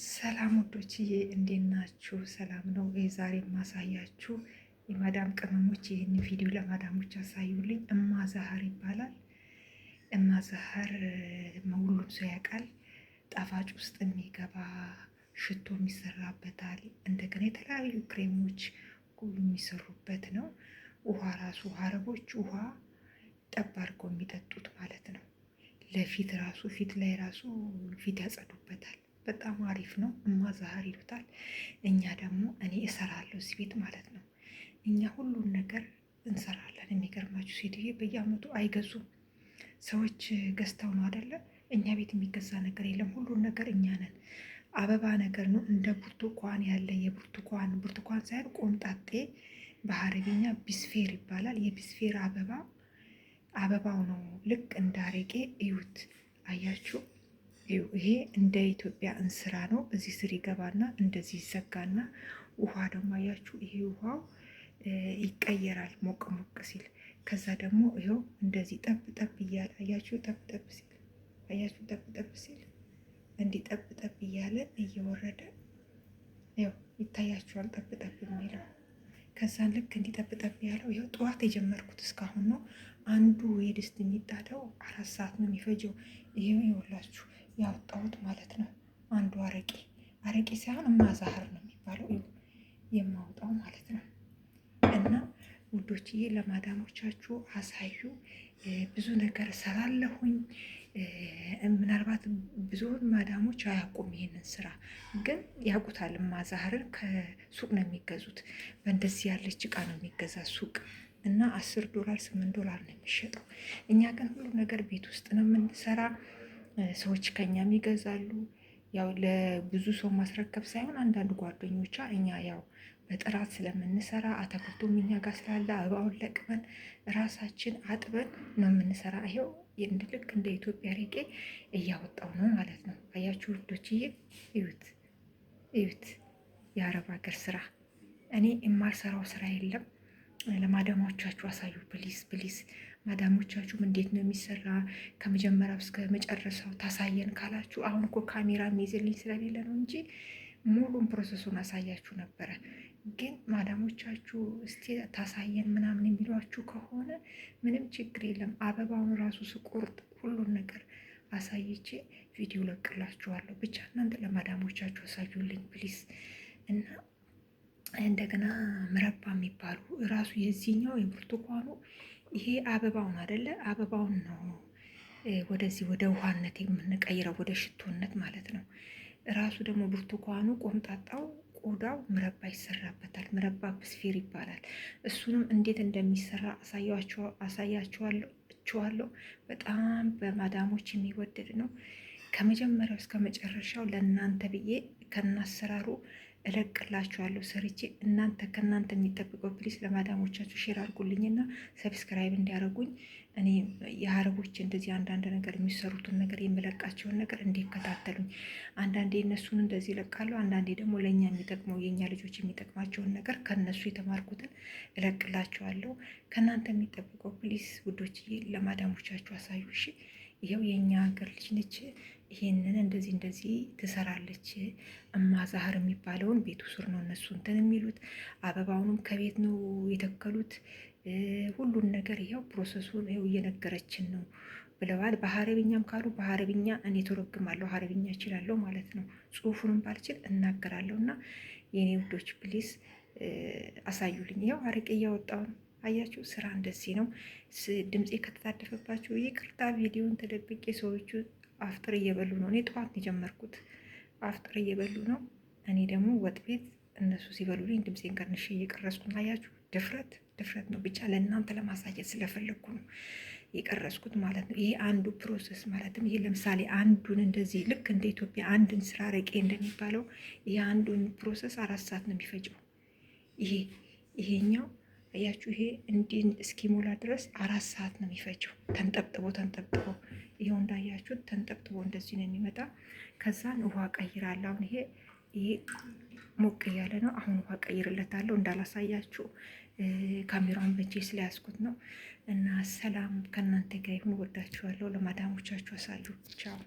ሰላም ውዶችዬ፣ እንዴት ናችሁ? ሰላም ነው። የዛሬ የማሳያችሁ የማዳም ቅመሞች ይህን ቪዲዮ ለማዳሞች ያሳዩልኝ። ዛህር ይባላል። ዛህር ሁሉም ሰው ያውቃል። ጣፋጭ ውስጥ የሚገባ ሽቶ የሚሰራበታል። እንደገና የተለያዩ ክሬሞች የሚሰሩበት ነው። ውሃ ራሱ አረቦች ውሃ ጠብ አድርገው የሚጠጡት ማለት ነው። ለፊት ራሱ ፊት ላይ ራሱ ፊት ያጸዱበታል። በጣም አሪፍ ነው። እማ ዛህር ይሉታል። እኛ ደግሞ እኔ እሰራለሁ እዚህ ቤት ማለት ነው። እኛ ሁሉን ነገር እንሰራለን። የሚገርማችሁ ሴትዬ በየአመቱ አይገዙም ሰዎች ገዝተው ነው አደለ? እኛ ቤት የሚገዛ ነገር የለም። ሁሉን ነገር እኛ ነን። አበባ ነገር ነው እንደ ብርቱኳን ያለ የብርቱኳን ብርቱኳን ሳይሆን ቆምጣጤ በሀረግኛ ቢስፌር ይባላል። የቢስፌር አበባ አበባው ነው ልክ እንዳረቄ እዩት። አያችሁ ይሄ እንደ ኢትዮጵያ እንስራ ነው። እዚህ ስር ይገባና እንደዚህ ይዘጋና ውሃ ደግሞ አያችሁ፣ ይሄ ውሃው ይቀየራል ሞቅ ሞቅ ሲል። ከዛ ደግሞ ይኸው እንደዚህ ጠብ ጠብ እያለ አያችሁ፣ ጠብ ጠብ ሲል አያችሁ፣ ጠብ ጠብ ሲል እንዲህ ጠብ ጠብ እያለ እየወረደ ይኸው ይታያችኋል ጠብ ጠብ የሚለው ከዛን ልክ እንዲጠብጠብ ያለው ይኸው ጠዋት የጀመርኩት እስካሁን ነው። አንዱ የድስት የሚጣደው አራት ሰዓት ነው የሚፈጀው። ይሄው ይኸውላችሁ ያወጣሁት ማለት ነው። አንዱ አረቄ አረቄ ሳይሆን እማዛህር ነው የሚባለው የማውጣው ማለት ነው። እና ውዶችዬ ለማዳሞቻችሁ አሳዩ ብዙ ነገር እሰራለሁኝ። ምናልባት ብዙውን ማዳሞች አያውቁም ይሄንን ስራ፣ ግን ያውቁታል። ማዛህርን ከሱቅ ነው የሚገዙት። በእንደዚህ ያለች እቃ ነው የሚገዛ ሱቅ እና አስር ዶላር ስምንት ዶላር ነው የሚሸጠው። እኛ ግን ሁሉ ነገር ቤት ውስጥ ነው የምንሰራ። ሰዎች ከኛም ይገዛሉ። ያው ለብዙ ሰው ማስረከብ ሳይሆን አንዳንድ ጓደኞቿ እኛ ያው በጥራት ስለምንሰራ አትክልቱም እኛ ጋር ስላለ አበባውን ለቅመን ራሳችን አጥበን ነው የምንሰራ። ይኸው ልክ እንደ ኢትዮጵያ ሬቄ እያወጣው ነው ማለት ነው። አያችሁ ውዶችዬ፣ እዩት እዩት፣ የአረብ ሀገር ስራ። እኔ የማልሰራው ስራ የለም። ለማዳሞቻችሁ አሳዩ ፕሊስ ፕሊስ ማዳሞቻችሁም እንዴት ነው የሚሰራ ከመጀመሪያው እስከ መጨረሻው ታሳየን ካላችሁ፣ አሁን እኮ ካሜራ የሚይዝልኝ ስለሌለ ነው እንጂ ሙሉን ፕሮሰሱን አሳያችሁ ነበረ። ግን ማዳሞቻችሁ እስቲ ታሳየን ምናምን የሚሏችሁ ከሆነ ምንም ችግር የለም። አበባውን ራሱ ስቆርጥ ሁሉን ነገር አሳይቼ ቪዲዮ ለቅላችኋለሁ። ብቻ እናንተ ለማዳሞቻችሁ አሳዩልኝ ፕሊስ። እና እንደገና ምረባ የሚባሉ ራሱ የዚህኛው የብርቱካኑ ይሄ አበባውን አደለ አበባውን ነው ወደዚህ ወደ ውሃነት የምንቀይረው ወደ ሽቶነት ማለት ነው። ራሱ ደግሞ ብርቱካኑ ቆምጣጣው ቆዳው ምረባ ይሰራበታል። ምረባ ብስፌር ይባላል። እሱንም እንዴት እንደሚሰራ አሳያችኋለሁ። በጣም በማዳሞች የሚወደድ ነው። ከመጀመሪያው እስከ መጨረሻው ለእናንተ ብዬ ከናሰራሩ እለቅላችኋለሁ ሰርቼ። እናንተ ከእናንተ የሚጠብቀው ፕሊስ ለማዳሞቻችሁ ሼር አድርጉልኝና ሰብስክራይብ እንዲያደርጉኝ እኔ የአረቦች እንደዚህ አንዳንድ ነገር የሚሰሩትን ነገር የምለቃቸውን ነገር እንዲከታተሉኝ። አንዳንዴ እነሱን እንደዚህ ይለቃሉ አንዳንዴ ደግሞ ለእኛ የሚጠቅመው የእኛ ልጆች የሚጠቅማቸውን ነገር ከነሱ የተማርኩትን እለቅላችኋለሁ። ከእናንተ የሚጠብቀው ፕሊስ ውዶችዬ፣ ለማዳሞቻችሁ አሳዩ እሺ። ይኸው የእኛ ሀገር ልጅ ነች። ይሄንን እንደዚህ እንደዚህ ትሰራለች። እማ ዛህር የሚባለውን ቤቱ ስር ነው እነሱ እንትን የሚሉት አበባውንም ከቤት ነው የተከሉት። ሁሉን ነገር ያው ፕሮሰሱን ይኸው እየነገረችን ነው ብለዋል። በሀረብኛም ካሉ በሀረብኛ እኔ ተረጉማለሁ፣ ሀረብኛ እችላለሁ ማለት ነው። ጽሁፉንም ባልችል እናገራለሁ እና የኔ ውዶች ፕሊስ አሳዩልኝ። ያው አረቄ እያወጣው ነው። አያችሁ፣ ስራ እንደዚህ ነው። ድምፄ ከተጣደፈባችሁ ይቅርታ። ቪዲዮን ተደብቄ ሰዎቹ አፍጥር እየበሉ ነው። እኔ ጠዋት የጀመርኩት አፍጥር እየበሉ ነው። እኔ ደግሞ ወጥ ቤት እነሱ ሲበሉልኝ ድምፄን ቀንሼ ነው። አያችሁ። ድፍረት ድፍረት ነው። ብቻ ለእናንተ ለማሳየት ስለፈለግኩ ነው የቀረስኩት ማለት ነው። ይሄ አንዱ ፕሮሰስ ማለትም ይሄ ለምሳሌ አንዱን እንደዚህ ልክ እንደ ኢትዮጵያ አንድን ስራ ረቄ እንደሚባለው ይሄ አንዱን ፕሮሰስ አራት ሰዓት ነው የሚፈጭው። ይሄ ይሄኛው እያችሁ ይሄ እንዲህ እስኪሞላ ድረስ አራት ሰዓት ነው የሚፈጀው። ተንጠብጥቦ ተንጠብጥቦ ይሄው እንዳያችሁ ተንጠብጥቦ እንደዚህ ነው የሚመጣ። ከዛን ውሃ ቀይራለሁ። አሁን ይሄ ይሄ ሞቅ እያለ ነው። አሁን ውሃ ቀይርለታለሁ። እንዳላሳያችሁ ካሜራውን በእጄ ስለያዝኩት ነው። እና ሰላም ከእናንተ ጋር ይሁን። ወዳችኋለሁ። ለማዳሞቻችሁ አሳዩ። ቻው